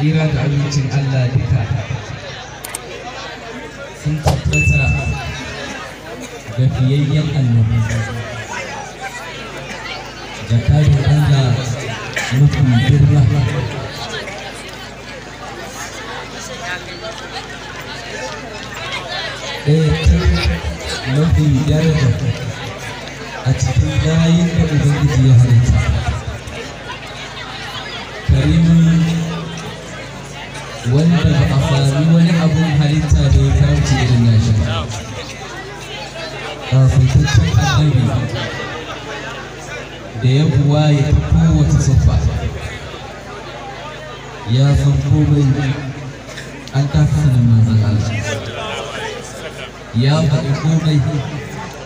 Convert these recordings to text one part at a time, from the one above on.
Hira da abincin Allah duka sun tabbata ga fiyayyen annabi da tarin Allah mafi girma ɗaya eh, mafi daraja a cikin layin da Ubangiji ya halitta saboda a sami wani abun halitta da ya karamci irin nashi kafintaccen annabi da ya buwa ya fi kowace siffa ya san komai an tafi sanin manzan Allah ya faɗi komai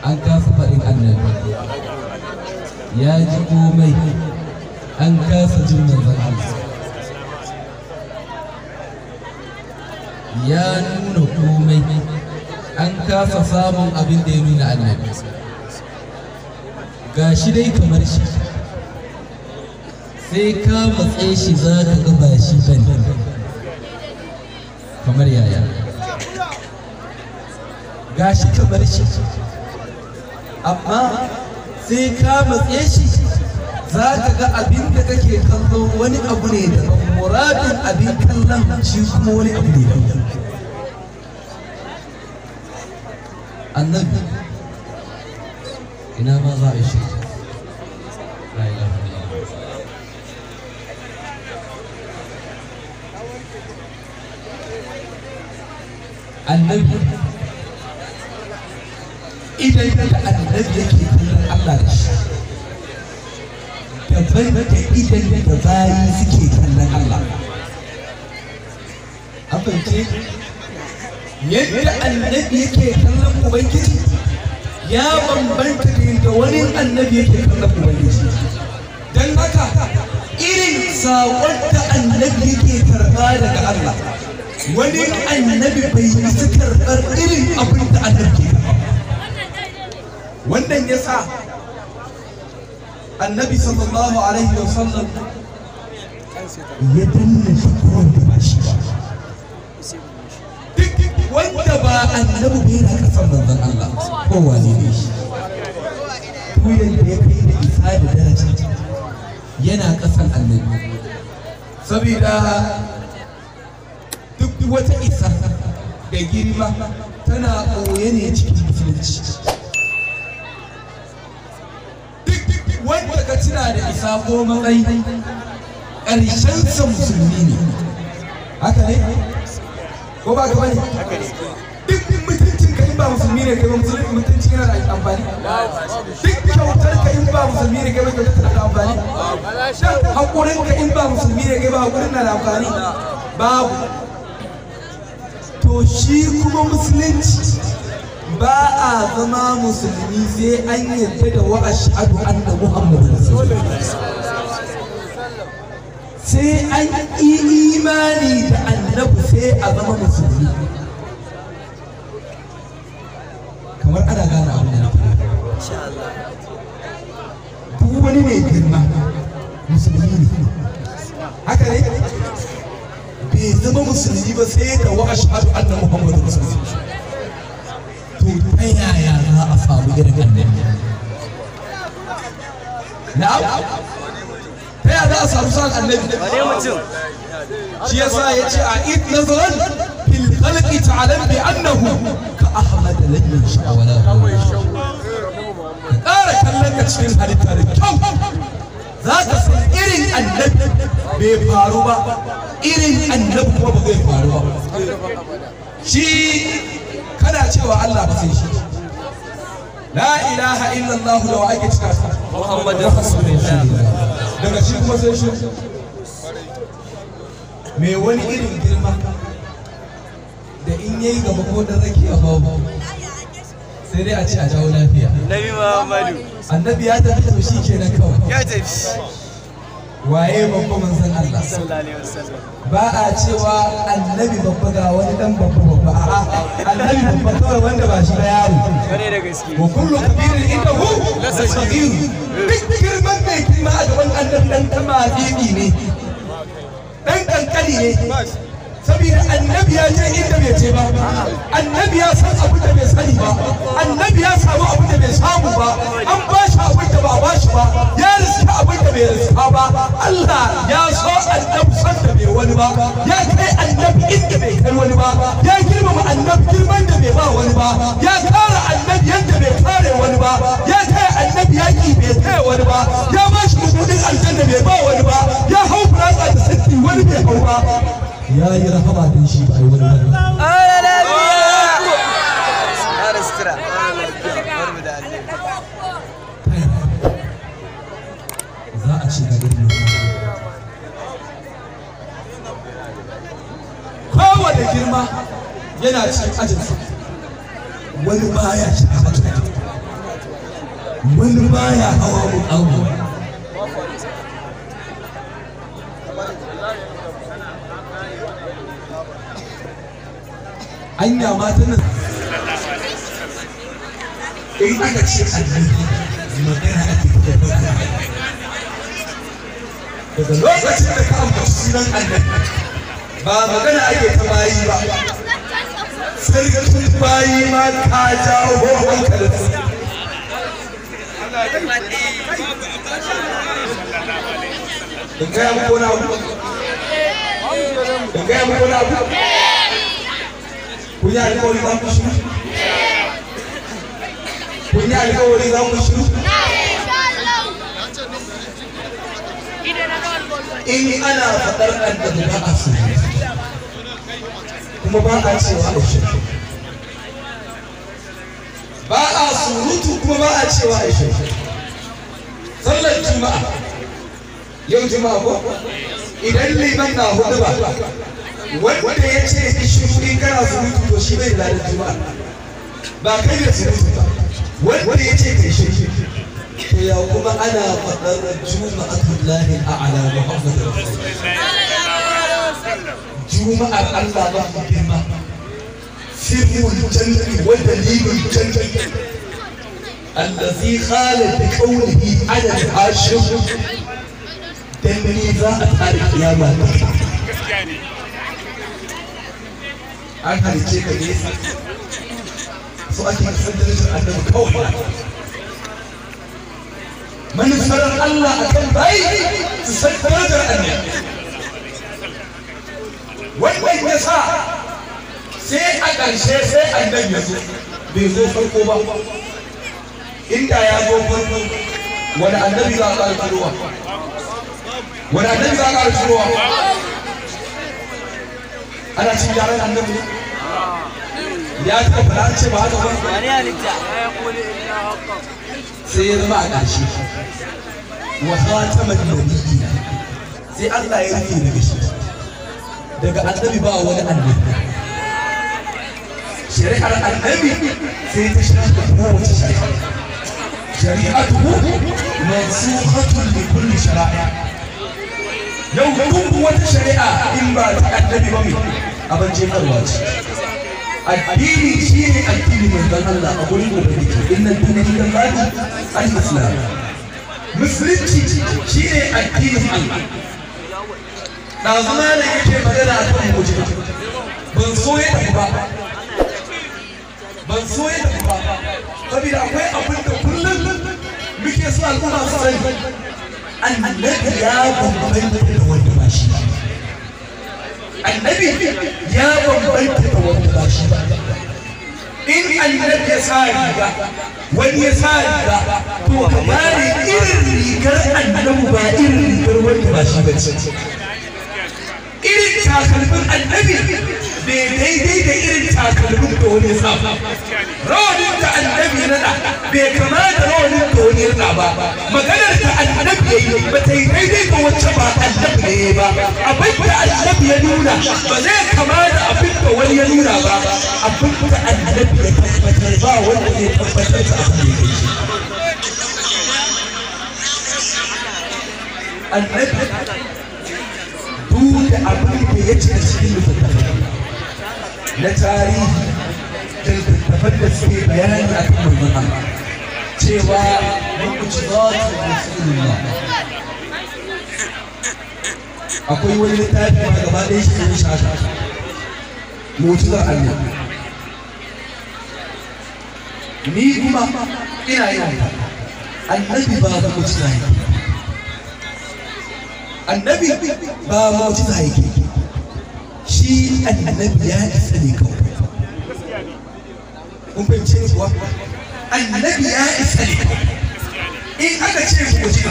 an kasa faɗin annabi ya ji komai an kasa jin manzan Allah ya nuna komai an kasa samun abin da ya nuna annabi ga shi dai kamar shi sai ka matse shi za ka gaba ba shi bane kamar yaya ga shi kamar shi amma sai ka matse shi za ka ga abin da kake kallo wani abu ne da muradin abin kallon shi kuma wani abu ne da annabi ina ma za a yi shirka annabi idan da annabi yake kallon Allah da shi daban da idan da bayi suke kallon Allah ce yadda annabi yake kallon ubangiji ya bambanta da wani annabi yake kallon ubangiji don haka irin saƙon da annabi yake karɓa daga Allah wani annabi bai isa karɓar irin abin da annabi ke wannan ya sa annabi sallallahu alaihi wa sallam ya danna shakuwar da ba wanda ba annabi bai na kasar manzon Allah ko wani ne shi da ya kai da isa da daraja yana kasar annabi saboda duk wata isa da girma tana ɓoye ne cikin musulunci yana da isa ko matsayi ƙarshensa musulmi ne haka ne ko ba ka bane duk mutuncin ka in ba musulmi ne kai ba musulmi mutunci yana da amfani duk kyautar ka in ba musulmi ne kai ba kyautar tana da amfani hakurin ka in ba musulmi ne kai ba hakurin na da amfani babu to shi kuma musulunci ba a zama musulmi sai an yadda da wa ashhadu anna muhammadu sai an yi imani da annabi sai a zama musulmi kamar ana gane abin da na faɗa duk wani mai girma musulmi ne haka ne bai zama musulmi ba sai da wa ashhadu anna muhammadu rasulullah to ta yaya za a samu irin annabi ta yaya za a samu san annabi shi yasa ya ce a id nazaran fil khalqi ta'alam bi annahu ka ahmad lam yansha wala ƙara kallon ka cikin halitta da kyau za ka san irin annabi bai faru ba irin annabi kuma ba zai faru ba shi kana cewa Allah ba sai shi la ilaha illallah da wa ake cika ta Muhammadu rasulullah daga shi kuma sai shi me wani irin girma da in yayi gaba ko da zaki a babu sai dai a ce a jawo lafiya annabi muhammadu annabi ya tafi to shi kenan kawai ya tafi waye babba manzon Allah ba a cewa annabi babba ga wani dan babba babba a'a annabi babba kawai wanda ba shi ba yaro kare da gaske wa kullu kabirin indahu lasagir duk girman mai kima a gaban annabi dan tamafi ne dan kankani ne saboda annabi ya je inda bai je ba annabi ya san abin da bai sani ba annabi ya samu abin da bai samu ba an ba shi abin da ba ba shi ba ya riska abin da bai riska ba Allah ya so annabi san da bai wani ba ya kai annabi inda bai kai wani ba ya girmama annabi girman da bai ba wani ba ya kare annabi yadda bai kare wani ba ya kai annabi yaki bai kai wani ba ya ba shi kudin aljanna bai ba wani ba ya hau furasa da sirri wani bai hau ba ya yi rahama don shi ba yi wani rahama za a ce gari ne kowane girma yana cikin ajinsa wani baya shi a wani baya hawa mun abubuwa hanya mata nan in aka ce addini magana ake da magana daga lokacin da ka ambaci sunan annabi ba magana ake ta bayi ba sarkin bayi ma ta jawo hankalinsu in gaya muku wani abu in gaya muku wani abu kun yi alkawari za ku shiru kun yi alkawari ana faɗar annabi ba a shiru kuma ba a cewa a shiru ba a surutu kuma ba a cewa a shiru sallar juma'a yau juma'a ko idan liman na hudu ba wanda ya ce zai shiru in kana surutu to shi bai ladan juma'a ba kai da surutu ba wanda ya ce kai shiru to ya kuma ana faɗar juma'atul lahi a'ala muhammadin juma'ar Allah ba mu girma sirrul jannati wa dalilul jannati allazi khala bi qawlihi ala al-ashir dan ne za a tare kiyama ta an halice ka ne so ake san darajar annabi kawai na? manufar Allah a kan bai su san darajar annabi wannan ya sa sai a ƙarshe sai annabi ya zo bai zo farko ba inda ya zo farko wani annabi za a ƙarfi ruwa wani annabi za a ƙarfi ruwa ana cin gyaran annabi ne ya taɓa ce ba haka ba sai ya zama a ƙarshe wa khataman nabiyyi sai Allah ya rufe daga shi daga annabi ba wani annabi shari'ar annabi sai ta shafi shari'a yau wata shari'a in ba ba abin jefarwa ce addini shi ne addini manzon Allah a gurin ubangiji inna dinin lillahi al-islam musulunci shi ne addinin Allah ɗazu ma da yake magana a kan mujiba ban so ya tafi ba ban so ya tafi ba saboda akwai abin da kullum muke so al'umma su rai annabi ya bambanta da wanda ba shi ba annabi ya bambanta da wanda ba shi ba in annabi ya sa riga wani ya sa riga to ka gane irin rigar annabi ba irin rigar wanda ba shi ba ce irin takalmin annabi bai daidai da irin takalmin da wani sa rawanin da annabi nada bai kamata rawanin da wani nada ba maganar da annabi ya yi ba ta yi daidai da wacce ba annabi ne ba abin da annabi ya nuna ba zai kamata abin da wani ya nuna ba abin da annabi ya tabbatar ba wanda zai tabbatar da abin da ya annabi duk da abin da ya ce cikin littattafai na tarihi da littattafan da suke bayani a kan mulmula cewa lokaci za su ba. akwai wani littafi ba gaba ɗaya shi ne shata da Allah ni kuma ina yin annabi ba ga na yake annabi ba na yake shi annabi ya isa ne kawai kun fahimce ni kuwa annabi ya isa ne in aka ce mu'ujiza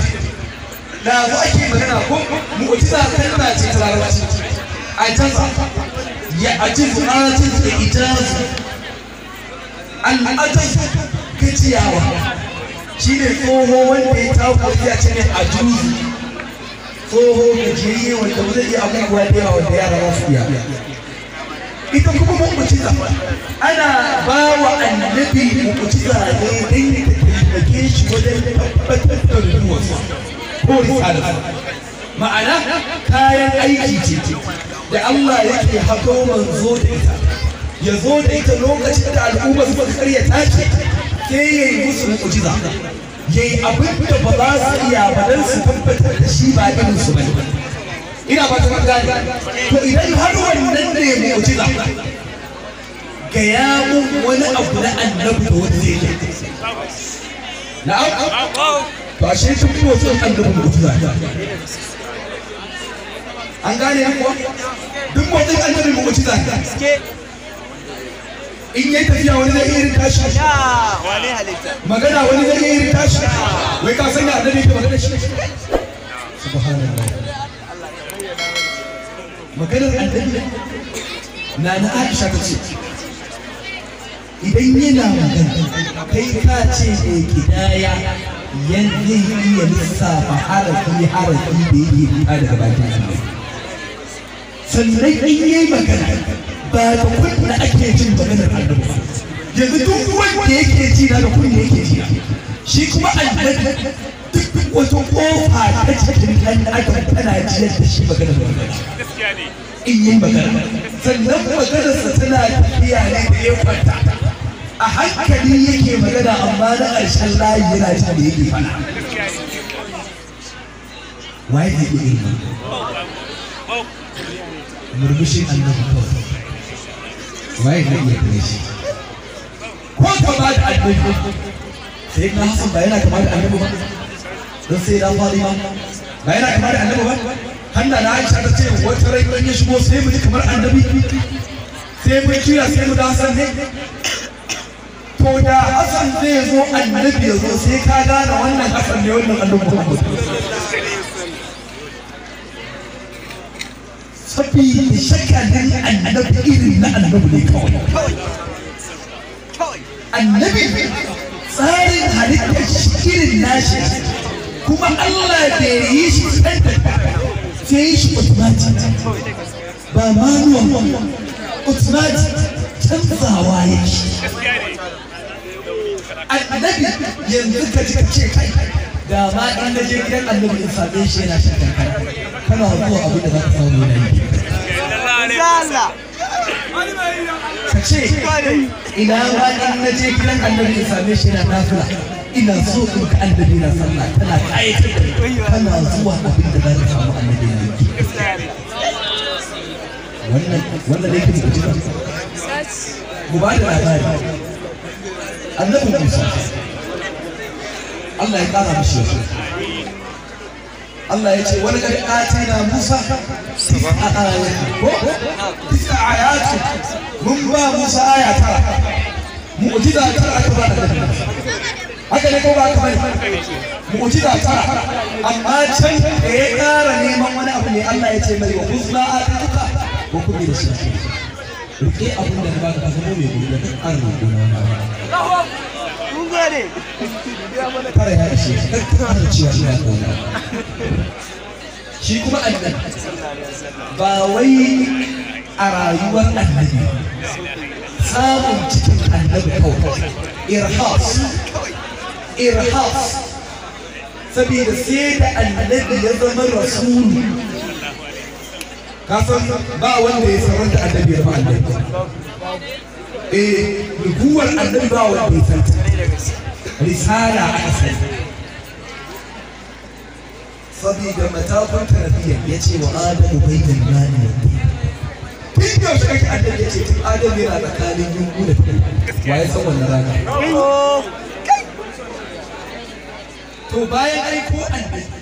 da ake magana ko mu'ujiza kalma ce ta larabci a jaza ya ajizu ajizu da ijazu gajiyawa shi ne tsoho wanda ya tawo ya ce ne tsoho gajiyayye wanda ba zai iya abubuwa da yawa da yara masu su ita kuma mu'ujiza ana ba wa annabi da ne don da taimake shi wajen tabbatar da ruwarsa ko risalarsa ma'ana kayan aiki ce da Allah yake hako manzo da ita ya zo da ita lokacin da al'umma suka karya ce sai ya yi musu mu'ujiza ya yi abin da ba za su iya ba don su tabbatar da shi ba irin su ba ina ba ta gani to idan har wannan ne mu'jiza ga ya mun wani abu na annabi da wanda zai yi na'am ba shi shi kuma sun annabi mu'jiza an gane kuwa duk mutum annabi mu'jiza in yayi tafiya wani zai irin tashi magana wani zai irin tashi wai ka san da annabi yake magana shi subhanallah maganar annabi na na Aisha ta ce idan yana magana kai ka ce mai kidaya yanzu iya lissafa harafi harafi da yake fita daga bakin sa sannan in yi magana ba da kunna ake jin maganar annabi yanzu duk wanda yake ji na da kunna yake ji shi kuma annabi duk wata kofa ta cikin ɗan adam tana jiyar da shi maganar annabi in yi magana sannan maganarsa tana tafiya ne da ya kwanta a hankali yake magana amma na ƙarshen layi yana ta da yake fana waye ne irin murmushin annabi kawai waye zai iya kure shi ko ka ba da annabi sai na hasan ba yana kama da annabi don sai da fadi ma ba yana kama da annabi hanna na aisha ta ce wata rai dan ya shigo sai mu kamar annabi sai mu kira sai mu ne to da zai zo annabi sai ka gane wannan hasan ne saboda shakalin annabi irin na annabi ne kawai annabi tsarin halittar shi irin nashi kuma Allah da ya yi shi ta, sai yi shi automatic ba manual automatic canzawa ya shi annabi yanzu ka ji ka ce kai da ma in na je gidan annabi in same shi yana shan dankara kana zuwa abin da za ka samu na yi ka ce ina ma in na je gidan annabi in same shi yana nafila ina so in ka annabi na sallah tana kayatar kana zuwa abin da za ka samu annabi na yi wannan wannan ne kike ji ba ku ba da labari annabi Musa Allah ya kara mishi wasu Allah ya ce wani kari atina Musa a ayatu ko tisa ayatu mun ba Musa aya tara mu'jiza tara aka ba da haka ne ko ba ka bari mu'jiza tara amma can da ya kara neman wani abu ne Allah ya ce mai wa kuzna atuka wa da shi duk abin da ba ka samu mai gudu da an rubu na mun gode fara ya ishe shi kan kan cewa shi ya koma shi kuma annabi ba wai a rayuwar annabi samun cikin annabi kawai irhas irhas saboda sai da annabi ya zama rasulu ka san ba wanda ya san da annabi ya ba annabi eh nubuwar annabi ba wanda ya san risala a asali Sabida matakon tarbiyya ya ce wa adamu bai da imani tun yaushe kake annabi ya ce tun adamu yana tsakanin yungu da kai wa ya san wannan rana to bayan aiko annabi